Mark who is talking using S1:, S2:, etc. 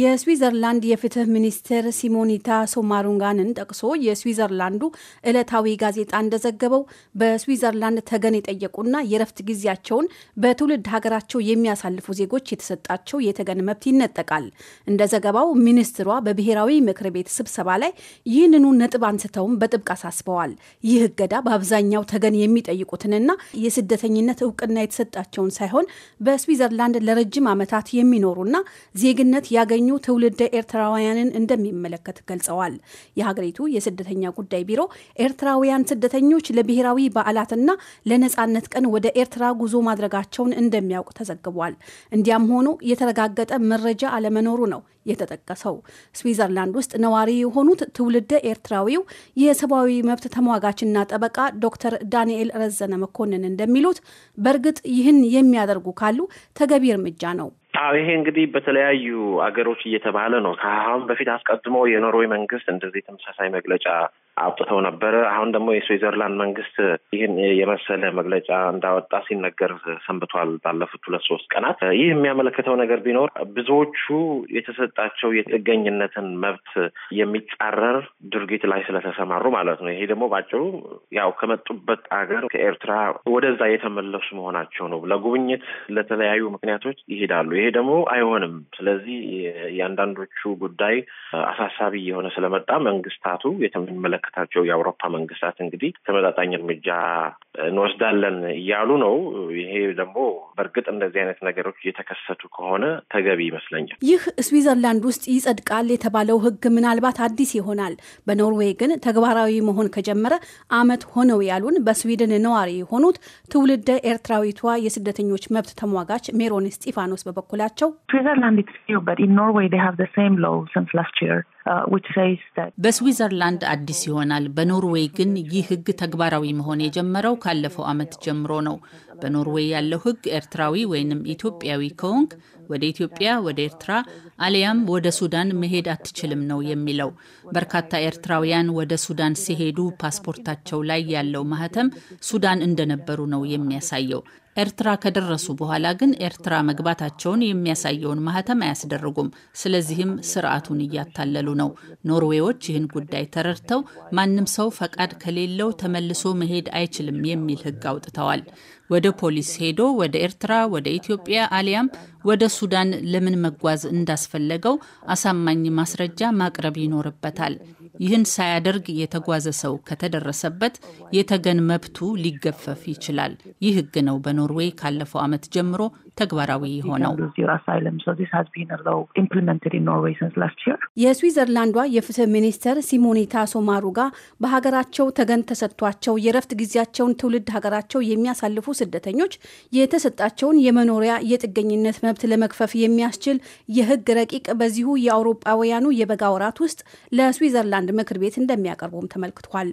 S1: የስዊዘርላንድ የፍትህ ሚኒስትር ሲሞኒታ ሶማሩንጋንን ጠቅሶ የስዊዘርላንዱ ዕለታዊ ጋዜጣ እንደዘገበው በስዊዘርላንድ ተገን የጠየቁና የረፍት ጊዜያቸውን በትውልድ ሀገራቸው የሚያሳልፉ ዜጎች የተሰጣቸው የተገን መብት ይነጠቃል። እንደ ዘገባው ሚኒስትሯ በብሔራዊ ምክር ቤት ስብሰባ ላይ ይህንኑ ነጥብ አንስተውም በጥብቅ አሳስበዋል። ይህ እገዳ በአብዛኛው ተገን የሚጠይቁትንና የስደተኝነት እውቅና የተሰጣቸውን ሳይሆን በስዊዘርላንድ ለረጅም ዓመታት የሚኖሩና ዜግነት ያገ የሚገኙ ትውልደ ኤርትራውያንን እንደሚመለከት ገልጸዋል። የሀገሪቱ የስደተኛ ጉዳይ ቢሮ ኤርትራውያን ስደተኞች ለብሔራዊ በዓላትና ለነፃነት ቀን ወደ ኤርትራ ጉዞ ማድረጋቸውን እንደሚያውቅ ተዘግቧል። እንዲያም ሆኖ የተረጋገጠ መረጃ አለመኖሩ ነው የተጠቀሰው። ስዊዘርላንድ ውስጥ ነዋሪ የሆኑት ትውልደ ኤርትራዊው የሰብአዊ መብት ተሟጋችና ጠበቃ ዶክተር ዳንኤል ረዘነ መኮንን እንደሚሉት በእርግጥ ይህን የሚያደርጉ ካሉ ተገቢ እርምጃ ነው
S2: አዎ ይሄ እንግዲህ በተለያዩ አገሮች እየተባለ ነው። ከአሁን በፊት አስቀድሞ የኖርዌይ መንግስት እንደዚህ ተመሳሳይ መግለጫ አውጥተው ነበረ። አሁን ደግሞ የስዊዘርላንድ መንግስት ይህን የመሰለ መግለጫ እንዳወጣ ሲነገር ሰንብቷል ባለፉት ሁለት ሶስት ቀናት። ይህ የሚያመለክተው ነገር ቢኖር ብዙዎቹ የተሰጣቸው የጥገኝነትን መብት የሚጻረር ድርጊት ላይ ስለተሰማሩ ማለት ነው። ይሄ ደግሞ ባጭሩ ያው ከመጡበት አገር ከኤርትራ ወደዛ የተመለሱ መሆናቸው ነው። ለጉብኝት ለተለያዩ ምክንያቶች ይሄዳሉ። ይሄ ደግሞ አይሆንም። ስለዚህ የአንዳንዶቹ ጉዳይ አሳሳቢ የሆነ ስለመጣ መንግስታቱ የተመለ የሚመለከታቸው የአውሮፓ መንግስታት እንግዲህ ተመጣጣኝ እርምጃ እንወስዳለን እያሉ ነው። ይሄ ደግሞ በእርግጥ እንደዚህ አይነት ነገሮች እየተከሰቱ ከሆነ ተገቢ ይመስለኛል።
S1: ይህ ስዊዘርላንድ ውስጥ ይጸድቃል የተባለው ህግ ምናልባት አዲስ ይሆናል። በኖርዌይ ግን ተግባራዊ መሆን ከጀመረ አመት ሆነው ያሉን በስዊድን ነዋሪ የሆኑት ትውልደ ኤርትራዊቷ የስደተኞች መብት ተሟጋች ሜሮን ስጢፋኖስ በበኩላቸው ስዊዘርላንድ
S3: Uh, በስዊዘርላንድ አዲስ ይሆናል። በኖርዌይ ግን ይህ ሕግ ተግባራዊ መሆን የጀመረው ካለፈው ዓመት ጀምሮ ነው። በኖርዌይ ያለው ሕግ ኤርትራዊ ወይንም ኢትዮጵያዊ ከሆንክ ወደ ኢትዮጵያ፣ ወደ ኤርትራ አሊያም ወደ ሱዳን መሄድ አትችልም ነው የሚለው። በርካታ ኤርትራውያን ወደ ሱዳን ሲሄዱ ፓስፖርታቸው ላይ ያለው ማህተም ሱዳን እንደነበሩ ነው የሚያሳየው። ኤርትራ ከደረሱ በኋላ ግን ኤርትራ መግባታቸውን የሚያሳየውን ማህተም አያስደርጉም። ስለዚህም ስርዓቱን እያታለሉ ነው። ኖርዌዎች ይህን ጉዳይ ተረድተው ማንም ሰው ፈቃድ ከሌለው ተመልሶ መሄድ አይችልም የሚል ሕግ አውጥተዋል። ወደ ፖሊስ ሄዶ ወደ ኤርትራ፣ ወደ ኢትዮጵያ አሊያም ወደ ሱዳን ለምን መጓዝ እንዳስፈለገው አሳማኝ ማስረጃ ማቅረብ ይኖርበታል። ይህን ሳያደርግ የተጓዘ ሰው ከተደረሰበት የተገን መብቱ ሊገፈፍ ይችላል። ይህ ህግ ነው በኖርዌይ ካለፈው ዓመት ጀምሮ ተግባራዊ የሆነው።
S1: የስዊዘርላንዷ የፍትህ ሚኒስተር ሲሞኔታ ሶማሩጋ በሀገራቸው ተገን ተሰጥቷቸው የረፍት ጊዜያቸውን ትውልድ ሀገራቸው የሚያሳልፉ ስደተኞች የተሰጣቸውን የመኖሪያ የጥገኝነት መብት ለመክፈፍ የሚያስችል የህግ ረቂቅ በዚሁ የአውሮፓውያኑ የበጋ ወራት ውስጥ ለስዊዘርላንድ ምክር ቤት እንደሚያቀርቡም ተመልክቷል።